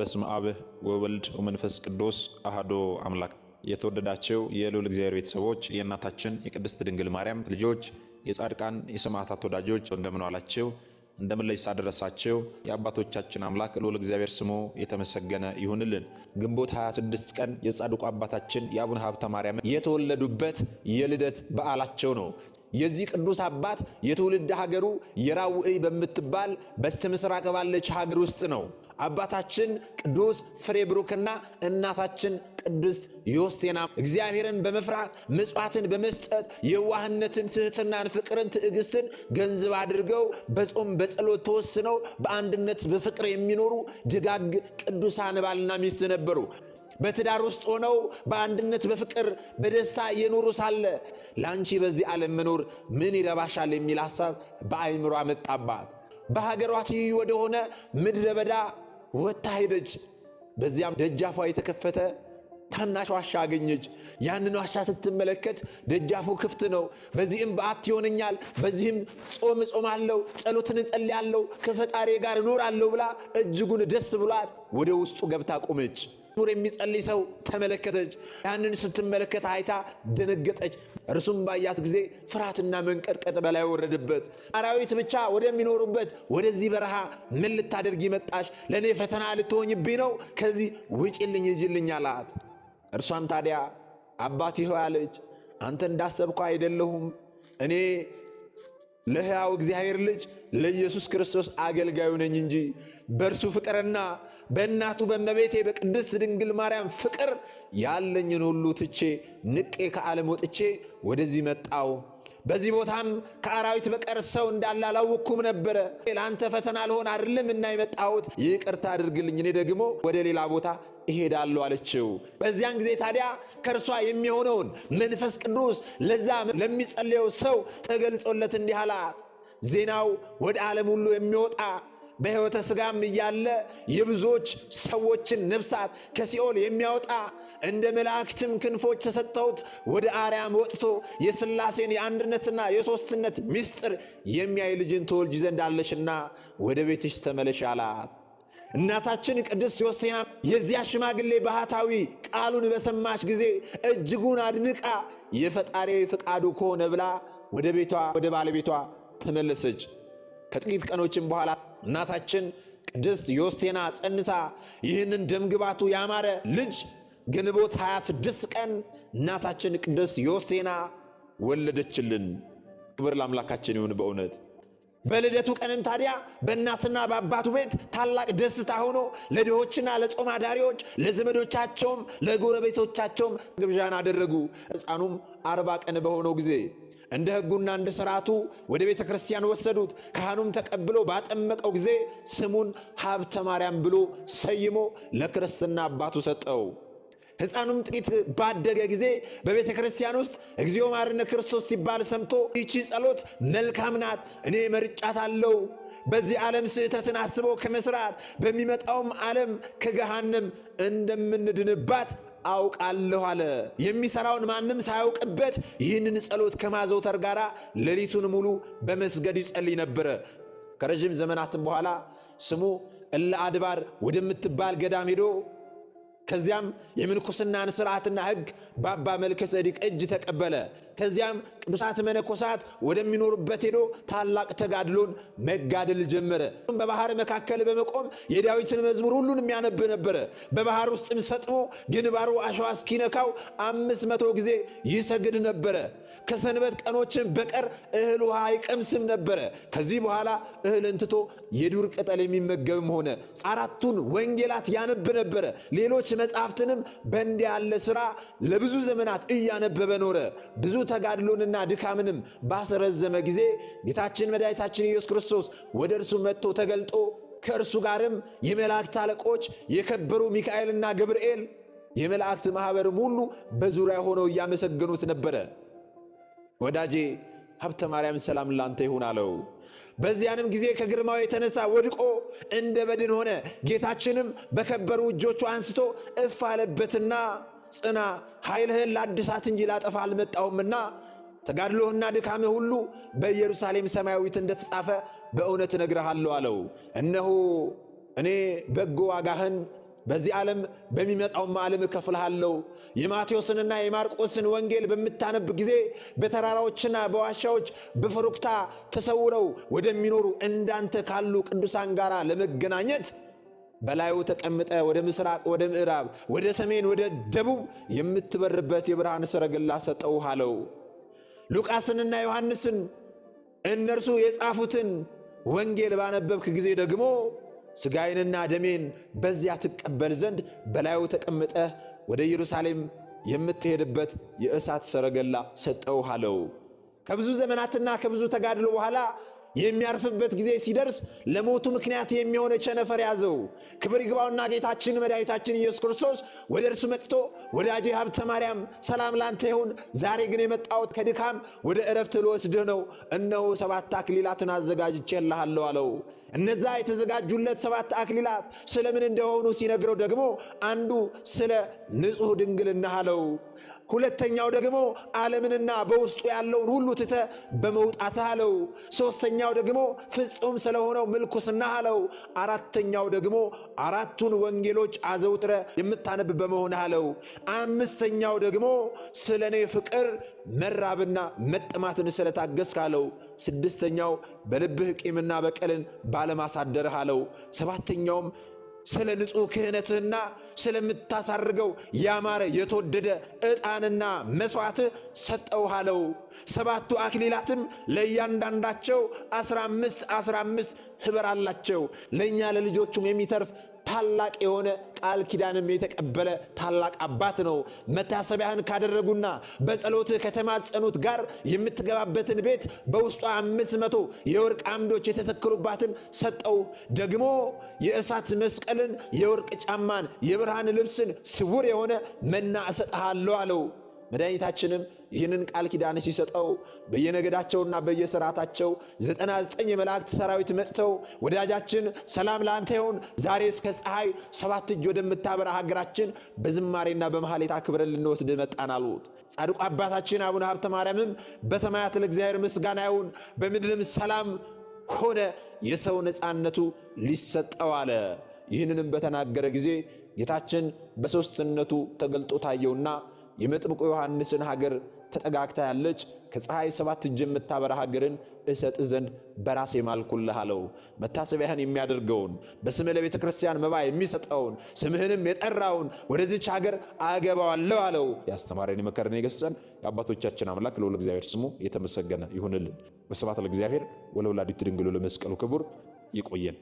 በስም አብ ወወልድ ወመንፈስ ቅዱስ አህዶ አምላክ። የተወደዳቸው የልዑል እግዚአብሔር ቤተሰቦች የእናታችን የቅድስት ድንግል ማርያም ልጆች፣ የጻድቃን የሰማዕታት ወዳጆች እንደምን ዋላችሁ? እንደምን የአባቶቻችን አምላክ ልዑል እግዚአብሔር ስሙ የተመሰገነ ይሁንልን። ግንቦት 26 ቀን የጻድቁ አባታችን የአቡነ ሀብተ ማርያም የተወለዱበት የልደት በዓላቸው ነው። የዚህ ቅዱስ አባት የትውልድ ሀገሩ የራውዕ በምትባል ምስራቅ ባለች ሀገር ውስጥ ነው። አባታችን ቅዱስ ፍሬብሩክና እናታችን ቅድስት ዮስቴና እግዚአብሔርን በመፍራት ምጽዋትን በመስጠት የዋህነትን፣ ትህትናን፣ ፍቅርን፣ ትዕግስትን ገንዘብ አድርገው በጾም በጸሎት ተወስነው በአንድነት በፍቅር የሚኖሩ ደጋግ ቅዱሳን ባልና ሚስት ነበሩ። በትዳር ውስጥ ሆነው በአንድነት በፍቅር በደስታ እየኖሩ ሳለ ለአንቺ በዚህ ዓለም መኖር ምን ይረባሻል የሚል ሐሳብ በአይምሮ አመጣባት። በሀገሯ ትይዩ ወደሆነ ምድረ በዳ ወጥታ ሄደች። በዚያም ደጃፏ የተከፈተ ታናሽ ዋሻ አገኘች። ያንን ዋሻ ስትመለከት ደጃፉ ክፍት ነው። በዚህም በዓት ይሆነኛል፣ በዚህም ጾም እጾማለሁ፣ ጸሎትን እጸልያለሁ፣ ከፈጣሪ ጋር እኖራለሁ ብላ እጅጉን ደስ ብሏት ወደ ውስጡ ገብታ ቆመች። ኑር የሚጸልይ ሰው ተመለከተች። ያንን ስትመለከት አይታ ደነገጠች። እርሱም ባያት ጊዜ ፍርሃትና መንቀጥቀጥ በላይ ወረደበት። አራዊት ብቻ ወደሚኖሩበት ወደዚህ በረሃ ምን ልታደርጊ ይመጣሽ? ለእኔ ፈተና ልትሆኝብኝ ነው? ከዚህ ውጪልኝ፣ ሂጂልኝ አላት። እርሷን ታዲያ አባት ሆይ አለች፣ አንተ እንዳሰብከው አይደለሁም እኔ ለሕያው እግዚአብሔር ልጅ ለኢየሱስ ክርስቶስ አገልጋዩ ነኝ እንጂ በእርሱ ፍቅርና በእናቱ በመቤቴ በቅድስት ድንግል ማርያም ፍቅር ያለኝን ሁሉ ትቼ ንቄ ከዓለም ወጥቼ ወደዚህ መጣው። በዚህ ቦታም ከአራዊት በቀር ሰው እንዳለ አላወቅኩም ነበረ። ለአንተ ፈተና ልሆን አይደለም እና የመጣሁት ይቅርታ አድርግልኝ። እኔ ደግሞ ወደ ሌላ ቦታ እሄዳለሁ አለችው። በዚያን ጊዜ ታዲያ ከእርሷ የሚሆነውን መንፈስ ቅዱስ ለዛ ለሚጸልየው ሰው ተገልጾለት እንዲህ አላት። ዜናው ወደ ዓለም ሁሉ የሚወጣ በሕይወተ ሥጋም እያለ የብዙዎች ሰዎችን ነፍሳት ከሲኦል የሚያወጣ እንደ መላእክትም ክንፎች ተሰጥተውት ወደ አርያም ወጥቶ የሥላሴን የአንድነትና የሦስትነት ምስጢር የሚያይ ልጅን ትወልጂ ዘንድ አለሽና ወደ ቤትሽ ተመለሽ አላት። እናታችን ቅድስት ዮሴና የዚያ ሽማግሌ ባህታዊ ቃሉን በሰማች ጊዜ እጅጉን አድንቃ የፈጣሪ ፍቃዱ ከሆነ ብላ ወደ ቤቷ ወደ ባለቤቷ ተመለሰች። ከጥቂት ቀኖችም በኋላ እናታችን ቅድስት ዮስቴና ጸንሳ ይህንን ደምግባቱ ያማረ ልጅ ግንቦት 26 ቀን እናታችን ቅድስት ዮስቴና ወለደችልን። ክብር ለአምላካችን ይሁን በእውነት በልደቱ ቀንም ታዲያ በእናትና በአባቱ ቤት ታላቅ ደስታ ሆኖ ለድሆችና ለጾም አዳሪዎች ለዘመዶቻቸውም ለጎረቤቶቻቸውም ግብዣን አደረጉ። ሕፃኑም አርባ ቀን በሆነው ጊዜ እንደ ሕጉና እንደ ሥርዓቱ ወደ ቤተ ክርስቲያን ወሰዱት። ካህኑም ተቀብሎ ባጠመቀው ጊዜ ስሙን ሀብተ ማርያም ብሎ ሰይሞ ለክርስትና አባቱ ሰጠው። ሕፃኑም ጥቂት ባደገ ጊዜ በቤተ ክርስቲያን ውስጥ እግዚኦ ማርነ ክርስቶስ ሲባል ሰምቶ ይቺ ጸሎት መልካም ናት፣ እኔ አለው በዚህ ዓለም ስህተትን አስቦ ከመስራት በሚመጣውም ዓለም ከገሃንም እንደምንድንባት አውቃለሁ አለ። የሚሰራውን ማንም ሳያውቅበት ይህንን ጸሎት ከማዘውተር ጋር ሌሊቱን ሙሉ በመስገድ ይጸልይ ነበረ። ከረዥም ዘመናትም በኋላ ስሙ እለ አድባር ወደምትባል ገዳም ሄዶ ከዚያም የምንኩስናን ስርዓትና ሕግ በአባ መልከ ጸዲቅ እጅ ተቀበለ። ከዚያም ቅዱሳት መነኮሳት ወደሚኖሩበት ሄዶ ታላቅ ተጋድሎን መጋደል ጀመረ። በባህር መካከል በመቆም የዳዊትን መዝሙር ሁሉን የሚያነብ ነበረ። በባህር ውስጥም ሰጥሞ ግንባሩ አሸዋ እስኪነካው አምስት መቶ ጊዜ ይሰግድ ነበረ። ከሰንበት ቀኖችን በቀር እህል ውሃ አይቀምስም ነበረ። ከዚህ በኋላ እህልን ትቶ የዱር ቅጠል የሚመገብም ሆነ። አራቱን ወንጌላት ያነብ ነበረ። ሌሎች መጽሐፍትንም በእንዲህ ያለ ሥራ ለብዙ ዘመናት እያነበበ ኖረ። ብዙ ተጋድሎንና ድካምንም ባሰረዘመ ጊዜ ጌታችን መድኃኒታችን ኢየሱስ ክርስቶስ ወደ እርሱ መጥቶ ተገልጦ ከእርሱ ጋርም የመላእክት አለቆች የከበሩ ሚካኤልና ገብርኤል የመላእክት ማኅበርም ሁሉ በዙሪያ ሆነው እያመሰገኑት ነበረ። ወዳጄ ሀብተ ማርያም ሰላም ላንተ ይሁን አለው። በዚያንም ጊዜ ከግርማው የተነሳ ወድቆ እንደ በድን ሆነ። ጌታችንም በከበሩ እጆቹ አንስቶ እፍ አለበትና ጽና፣ ኃይልህን ላድሳት እንጂ ላጠፋ አልመጣውምና ተጋድሎህና ድካሜ ሁሉ በኢየሩሳሌም ሰማያዊት እንደተጻፈ በእውነት እነግርሃለሁ አለው። እነሆ እኔ በጎ ዋጋህን በዚህ ዓለም በሚመጣውም ዓለም እከፍልሃለሁ። የማቴዎስንና የማርቆስን ወንጌል በምታነብ ጊዜ በተራራዎችና በዋሻዎች በፈሩክታ ተሰውረው ወደሚኖሩ እንዳንተ ካሉ ቅዱሳን ጋር ለመገናኘት በላዩ ተቀምጠ ወደ ምስራቅ፣ ወደ ምዕራብ፣ ወደ ሰሜን፣ ወደ ደቡብ የምትበርበት የብርሃን ሰረገላ ሰጠውህ አለው። ሉቃስንና ዮሐንስን እነርሱ የጻፉትን ወንጌል ባነበብክ ጊዜ ደግሞ ሥጋዬንና ደሜን በዚያ ትቀበል ዘንድ በላዩ ተቀምጠህ ወደ ኢየሩሳሌም የምትሄድበት የእሳት ሰረገላ ሰጠውሃለው። ከብዙ ዘመናትና ከብዙ ተጋድሎ በኋላ የሚያርፍበት ጊዜ ሲደርስ ለሞቱ ምክንያት የሚሆነ ቸነፈር ያዘው። ክብር ይግባውና ጌታችን መድኃኒታችን ኢየሱስ ክርስቶስ ወደ እርሱ መጥቶ ወዳጄ ሀብተ ማርያም ሰላም ላንተ ይሁን፣ ዛሬ ግን የመጣሁት ከድካም ወደ እረፍት ልወስድህ ነው። እነሆ ሰባት አክሊላትን አዘጋጅቼልሃለሁ አለው። እነዛ የተዘጋጁለት ሰባት አክሊላት ስለምን እንደሆኑ ሲነግረው ደግሞ አንዱ ስለ ንጹሕ ድንግልና አለው። ሁለተኛው ደግሞ ዓለምንና በውስጡ ያለውን ሁሉ ትተ በመውጣት አለው። ሦስተኛው ደግሞ ፍጹም ስለሆነው ምልኩስና አለው። አራተኛው ደግሞ አራቱን ወንጌሎች አዘውትረ የምታነብ በመሆን አለው። አምስተኛው ደግሞ ስለ እኔ ፍቅር መራብና መጠማትን ስለታገስክ አለው። ስድስተኛው በልብህ ቂምና በቀልን ባለማሳደርህ አለው። ሰባተኛውም ስለ ንጹሕ ክህነትህና ስለምታሳርገው ያማረ የተወደደ ዕጣንና መሥዋዕትህ ሰጠውሃለው። ሰባቱ አክሊላትም ለእያንዳንዳቸው አስራ አምስት አስራ አምስት ኅብር አላቸው። ለእኛ ለልጆቹም የሚተርፍ ታላቅ የሆነ ቃል ኪዳንም የተቀበለ ታላቅ አባት ነው። መታሰቢያህን ካደረጉና በጸሎትህ ከተማጸኑት ጋር የምትገባበትን ቤት በውስጧ አምስት መቶ የወርቅ አምዶች የተተከሉባትን ሰጠው። ደግሞ የእሳት መስቀልን፣ የወርቅ ጫማን፣ የብርሃን ልብስን፣ ስውር የሆነ መና እሰጥሃለሁ አለው። መድኃኒታችንም ይህንን ቃል ኪዳን ሲሰጠው በየነገዳቸውና በየስርዓታቸው ዘጠና ዘጠኝ የመላእክት ሰራዊት መጥተው ወዳጃችን ሰላም ለአንተ ይሁን፣ ዛሬ እስከ ፀሐይ ሰባት እጅ ወደምታበራ ሀገራችን በዝማሬና በመሐሌት አክብረን ልንወስድ መጣን አሉት። ጻድቁ አባታችን አቡነ ሀብተ ማርያምም በሰማያት ለእግዚአብሔር ምስጋና ይሁን፣ በምድርም ሰላም ሆነ፣ የሰው ነፃነቱ ሊሰጠው አለ። ይህንንም በተናገረ ጊዜ ጌታችን በሦስትነቱ ተገልጦ ታየውና የመጥምቁ ዮሐንስን ሀገር ተጠጋግታ ያለች ከፀሐይ ሰባት እጅ የምታበራ ሀገርን እሰጥ ዘንድ በራሴ ማልኩልህ አለው። መታሰቢያህን የሚያደርገውን በስምህ ለቤተ ክርስቲያን መባ የሚሰጠውን ስምህንም የጠራውን ወደዚች ሀገር አገባዋለሁ አለው። ያስተማረን የመከረን የገሰጸን የአባቶቻችን አምላክ ልዑል እግዚአብሔር ስሙ የተመሰገነ ይሁንልን። ወስብሐት ለእግዚአብሔር ወለወላዲቱ ድንግል ለመስቀሉ ክቡር። ይቆየን።